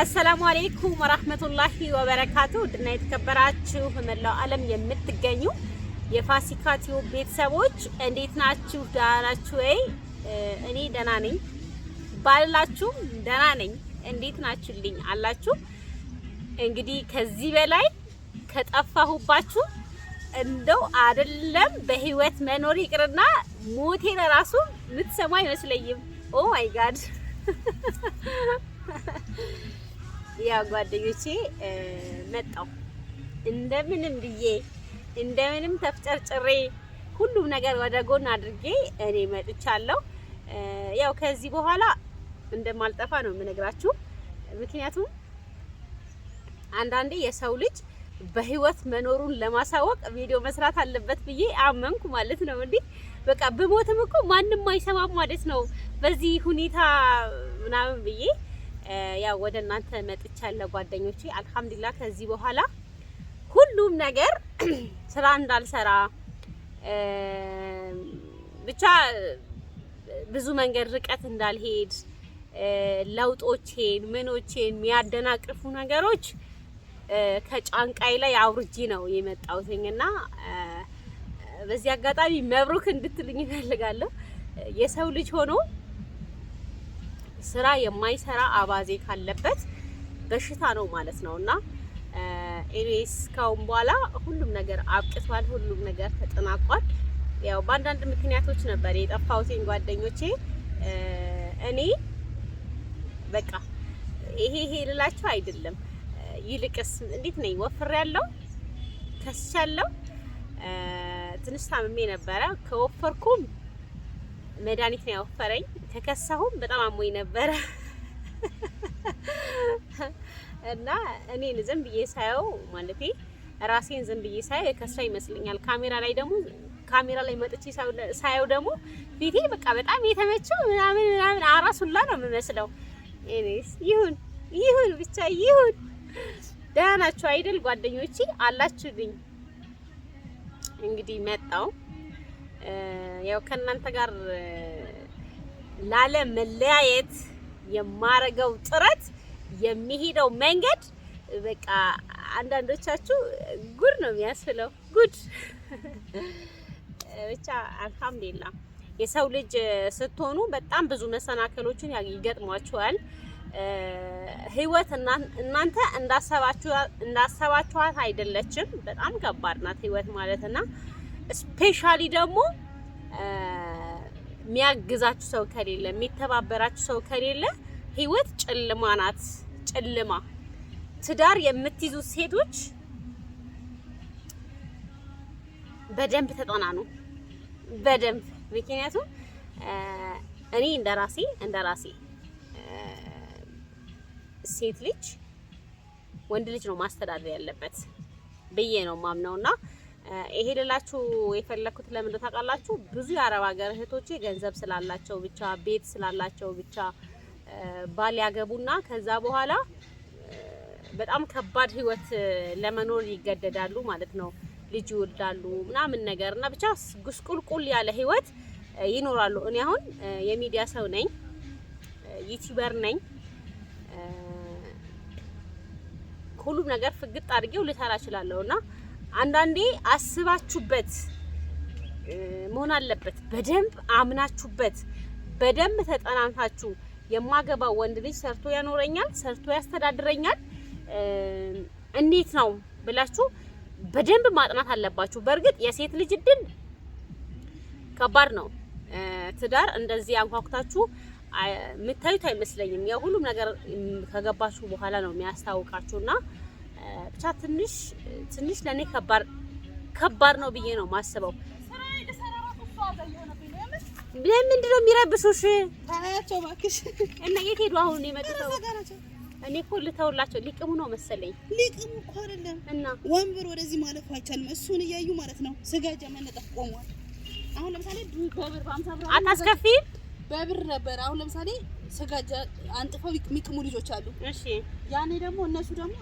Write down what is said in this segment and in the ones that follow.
አሰላሙ አሌይኩም ወራህመቱላሂ ወበረካቱ ድና የተከበራችሁ መላው ዓለም የምትገኙ የፋሲካ ቲዩብ ቤተሰቦች እንዴት ናችሁ? ደህና ናችሁ ወይ? እኔ ደህና ነኝ፣ ባልላችሁም ደህና ነኝ። እንዴት ናችሁልኝ አላችሁ? እንግዲህ ከዚህ በላይ ከጠፋሁባችሁ እንደው አይደለም በህይወት መኖር ይቅርና ሞቴ ለራሱ የምትሰሙ አይመስለኝም። ኦ ማይ ጋድ ያ ጓደኞቼ መጣው እንደምንም ብዬ እንደምንም ተፍጨርጭሬ ሁሉም ነገር ወደ ጎን አድርጌ እኔ መጥቻለሁ። ያው ከዚህ በኋላ እንደማልጠፋ ነው የምነግራችሁ። ምክንያቱም አንዳንዴ የሰው ልጅ በህይወት መኖሩን ለማሳወቅ ቪዲዮ መስራት አለበት ብዬ አመንኩ ማለት ነው። እንዴ በቃ ብሞትም እኮ ማንም አይሰማም ማለት ነው በዚህ ሁኔታ ምናምን ብዬ ያው ወደ እናንተ መጥቻለሁ ጓደኞቼ። አልሐምዱሊላ ከዚህ በኋላ ሁሉም ነገር ስራ እንዳልሰራ ብቻ ብዙ መንገድ ርቀት እንዳልሄድ ለውጦቼን ምኖቼን የሚያደናቅፉ ነገሮች ከጫንቃይ ላይ አውርጄ ነው የመጣሁትኝና በዚህ አጋጣሚ መብሩክ እንድትልኝ እፈልጋለሁ። የሰው ልጅ ሆኖ ስራ የማይሰራ አባዜ ካለበት በሽታ ነው ማለት ነው እና ኤኒዌይስ ካሁን በኋላ ሁሉም ነገር አብቅቷል። ሁሉም ነገር ተጠናቋል። ያው በአንዳንድ ምክንያቶች ነበር የጠፋሁትን ጓደኞቼ። እኔ በቃ ይሄ ይሄ ልላቸው አይደለም። ይልቅስ እንዴት ነኝ? ወፍር ያለው ከስቻለው ትንሽ ታምሜ ነበረ ከወፈርኩም መድኃኒት ነው ያወፈረኝ። ተከሳሁም በጣም አሞኝ ነበረ እና እኔን ዝም ብዬ ሳየው ማለቴ ራሴን ዝም ብዬ ሳየው የከሳ ይመስለኛል። ካሜራ ላይ ደግሞ ካሜራ ላይ መጥቼ ሳየው ደግሞ ፊቴ በቃ በጣም የተመቸው ምናምን ምናምን አራስ ሁላ ነው የምመስለው። እኔስ ይሁን ይሁን ብቻ ይሁን። ደህና ናችሁ አይደል ጓደኞቼ? አላችሁልኝ እንግዲህ መጣው ያው ከእናንተ ጋር ላለ መለያየት የማረገው ጥረት የሚሄደው መንገድ በቃ አንዳንዶቻችሁ ጉድ ነው የሚያስብለው። ጉድ ብቻ አልሐምዱሊላ። የሰው ልጅ ስትሆኑ በጣም ብዙ መሰናከሎችን ይገጥሟችኋል። ህይወት እናንተ እንዳሰባችኋት አይደለችም። በጣም ከባድ ናት ህይወት ማለት እና ስፔሻሊ ደግሞ የሚያግዛችሁ ሰው ከሌለ የሚተባበራችሁ ሰው ከሌለ ህይወት ጨለማ ናት። ጨለማ ትዳር የምትይዙ ሴቶች በደንብ ተጠና ነው በደንብ ምክንያቱም እኔ እንደራሴ ራሴ ሴት ልጅ ወንድ ልጅ ነው ማስተዳደር ያለበት ብዬ ነው ማምነውና ይሄ ልላችሁ የፈለኩት ለምን ታውቃላችሁ? ብዙ የአረብ ሀገር እህቶቼ ገንዘብ ስላላቸው ብቻ ቤት ስላላቸው ብቻ ባል ያገቡና ከዛ በኋላ በጣም ከባድ ህይወት ለመኖር ይገደዳሉ ማለት ነው። ልጅ ይወልዳሉ ምናምን ነገር እና ብቻ ጉስቁልቁል ያለ ህይወት ይኖራሉ። እኔ አሁን የሚዲያ ሰው ነኝ፣ ዩቲዩበር ነኝ። ሁሉም ነገር ፍግጥ አድርጌው ልሰራ እችላለሁ እና አንዳንዴ አስባችሁበት መሆን አለበት። በደንብ አምናችሁበት፣ በደንብ ተጠናንታችሁ የማገባው ወንድ ልጅ ሰርቶ ያኖረኛል፣ ሰርቶ ያስተዳድረኛል፣ እንዴት ነው ብላችሁ በደንብ ማጥናት አለባችሁ። በእርግጥ የሴት ልጅ እድል ከባድ ነው። ትዳር እንደዚህ አንኳኩታችሁ የምታዩት አይመስለኝም። የሁሉም ነገር ከገባችሁ በኋላ ነው የሚያስታውቃችሁና ብቻ ትንሽ ትንሽ ለእኔ ከባድ ነው ብዬ ነው ማስበው። ምንድን ነው የሚረብሹሽ? እና የት ሄዱ አሁን የመጡት? እኔ እኮ ልተውላቸው ሊቅሙ ነው መሰለኝ። ሊቅሙ እኮ አይደለም እና ወንበር ወደዚህ ማለፍ አይቻልም። እሱን እያዩ ማለት ነው ስጋጃ መነጠፍ ቆሟል። አሁን ለምሳሌ በብር በአምሳ ብር አታስከፊ በብር ነበር። አሁን ለምሳሌ ስጋጃ አንጥፈው የሚቅሙ ልጆች አሉ። እሺ ያኔ ደግሞ እነሱ ደግሞ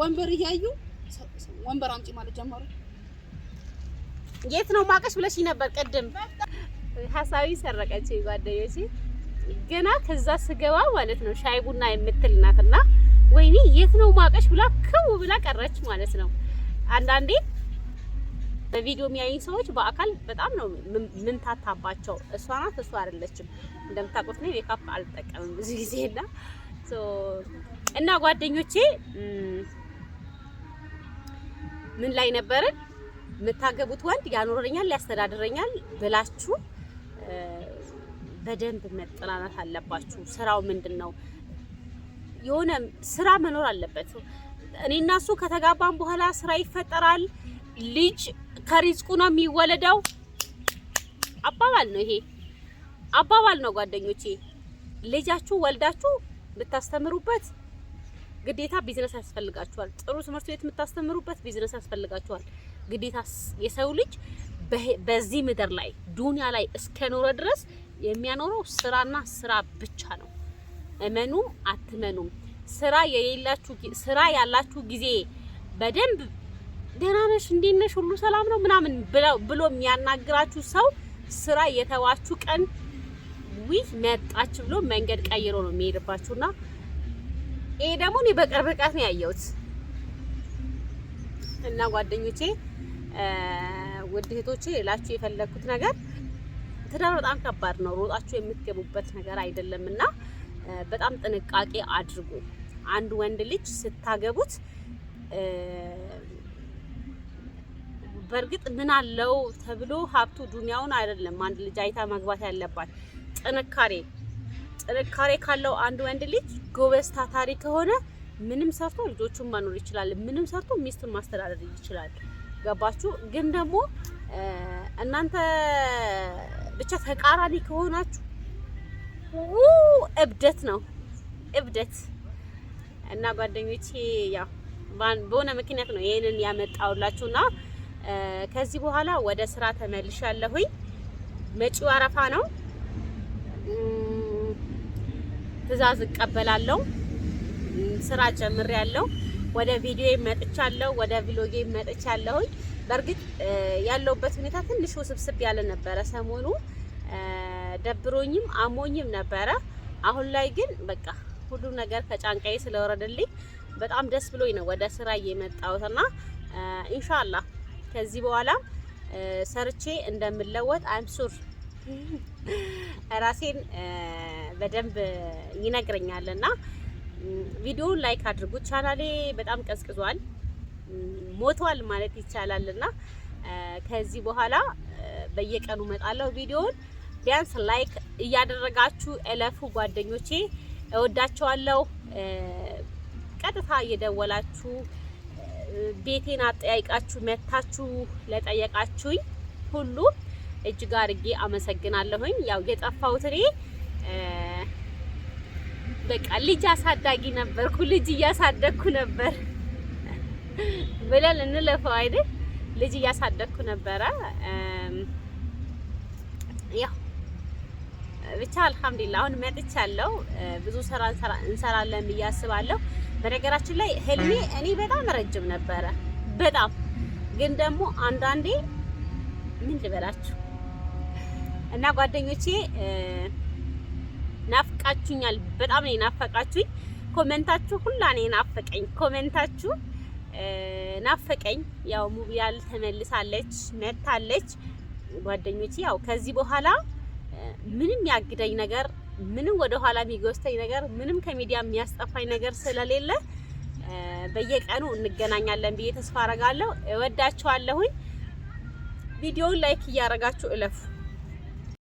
ወንበር እያዩ ወንበር አምጪ ማለት ጀመሩ። የት ነው ማቀሽ ብለሽ ነበር ቅድም ሀሳቢ ሰረቀች ጓደኞቼ። ገና ከዛ ስገባ ማለት ነው ሻይ ቡና የምትል ናትና፣ ወይኔ የት ነው ማቀሽ ብላ ክው ብላ ቀረች ማለት ነው። አንዳንዴ በቪዲዮ የሚያዩኝ ሰዎች በአካል በጣም ነው ምንታታባቸው። እሷ ናት እሷ አይደለችም። እንደምታውቁት ነው ሜካፕ አልጠቀምም ብዙ ጊዜና እና ጓደኞቼ ምን ላይ ነበርን? የምታገቡት ወንድ ያኖረኛል ያስተዳድረኛል ብላችሁ በደንብ መጠናናት አለባችሁ። ስራው ምንድን ነው? የሆነ ስራ መኖር አለበት። እኔ እና እሱ ከተጋባን በኋላ ስራ ይፈጠራል። ልጅ ከሪዝቁ ነው የሚወለደው አባባል ነው። ይሄ አባባል ነው ጓደኞቼ። ልጃችሁ ወልዳችሁ ብታስተምሩበት ግዴታ ቢዝነስ ያስፈልጋችኋል። ጥሩ ትምህርት ቤት የምታስተምሩበት ቢዝነስ ያስፈልጋችኋል። ግዴታ የሰው ልጅ በዚህ ምድር ላይ ዱንያ ላይ እስከኖረ ድረስ የሚያኖረው ስራና ስራ ብቻ ነው። እመኑም አትመኑም ስራ የሌላችሁ ስራ ያላችሁ ጊዜ በደንብ ደህና ነሽ፣ እንዴት ነሽ፣ ሁሉ ሰላም ነው ምናምን ብሎ የሚያናግራችሁ ሰው ስራ የተዋችሁ ቀን ዊ መጣች ብሎ መንገድ ቀይሮ ነው የሚሄድባችሁና ይሄ ደግሞ እኔ በቅርብ ርቀት ነው ያየሁት እና ጓደኞቼ፣ ውድ እህቶቼ ሌላችሁ የፈለግኩት ነገር ትዳር በጣም ከባድ ነው። ሮጣችሁ የምትገቡበት ነገር አይደለም እና በጣም ጥንቃቄ አድርጉ። አንድ ወንድ ልጅ ስታገቡት በእርግጥ ምን አለው ተብሎ ሀብቱ ዱንያውን አይደለም አንድ ልጅ አይታ መግባት ያለባት ጥንካሬ ጥንካሬ ካለው አንድ ወንድ ልጅ ጎበዝ ታታሪ ከሆነ ምንም ሰርቶ ልጆቹን ማኖር ይችላል። ምንም ሰርቶ ሚስቱን ማስተዳደር ይችላል። ገባችሁ? ግን ደግሞ እናንተ ብቻ ተቃራኒ ከሆናችሁ እብደት ነው እብደት። እና ጓደኞቼ ያው በሆነ ምክንያት ነው ያመጣውላችሁ ያመጣውላችሁና ከዚህ በኋላ ወደ ስራ ተመልሻለሁኝ። መጪው አረፋ ነው። ትዛዝ እቀበላለሁ። ስራ ጀምሬያለሁ። ወደ ቪዲዮ መጥቻለሁ። ወደ ቪሎጌ መጥቻለሁ። በእርግጥ ያለውበት ሁኔታ ትንሽ ውስብስብ ያለ ነበረ ሰሞኑ ደብሮኝም አሞኝም ነበረ። አሁን ላይ ግን በቃ ሁሉም ነገር ከጫንቃዬ ስለወረደልኝ በጣም ደስ ብሎኝ ነው ወደ ስራ እየመጣሁትና ኢንሻአላህ ከዚህ በኋላ ሰርቼ እንደምለወጥ አይም ሱር ራሴን በደንብ ይነግረኛል። እና ቪዲዮውን ላይክ አድርጉ። ቻናሌ በጣም ቀዝቅዟል፣ ሞቷል ማለት ይቻላል። እና ከዚህ በኋላ በየቀኑ እመጣለሁ። ቪዲዮውን ቢያንስ ላይክ እያደረጋችሁ እለፉ ጓደኞቼ። እወዳቸዋለሁ። ቀጥታ እየደወላችሁ ቤቴን አጠያይቃችሁ መታችሁ ለጠየቃችሁኝ ሁሉ እጅግ አድርጌ አመሰግናለሁኝ። ያው የጠፋሁት እኔ በቃ ልጅ አሳዳጊ ነበርኩ፣ ልጅ እያሳደግኩ ነበር ብለን እንለፈው አይደል? ልጅ እያሳደግኩ ነበረ። ያው ብቻ አልሐምዱሊላህ አሁን መጥቻለሁ። ብዙ ስራ እንሰራለን ብዬ አስባለሁ። በነገራችን ላይ ህልሜ እኔ በጣም ረጅም ነበረ፣ በጣም ግን ደግሞ አንዳንዴ ምን ልበላችሁ እና ጓደኞቼ ናፍቃችሁኛል። በጣም ነው ናፈቃችሁኝ። ኮሜንታችሁ ሁላ ነው ናፈቀኝ። ኮሜንታችሁ ናፈቀኝ። ያው ሙቢያል ተመልሳለች መታለች። ጓደኞቼ ያው ከዚህ በኋላ ምንም ያግደኝ ነገር ምንም ወደኋላ የሚገስተኝ ነገር ምንም ከሚዲያ የሚያስጠፋኝ ነገር ስለሌለ በየቀኑ እንገናኛለን ብዬ ተስፋ አረጋለሁ። እወዳችኋለሁኝ። ቪዲዮውን ላይክ እያረጋችሁ እለፉ።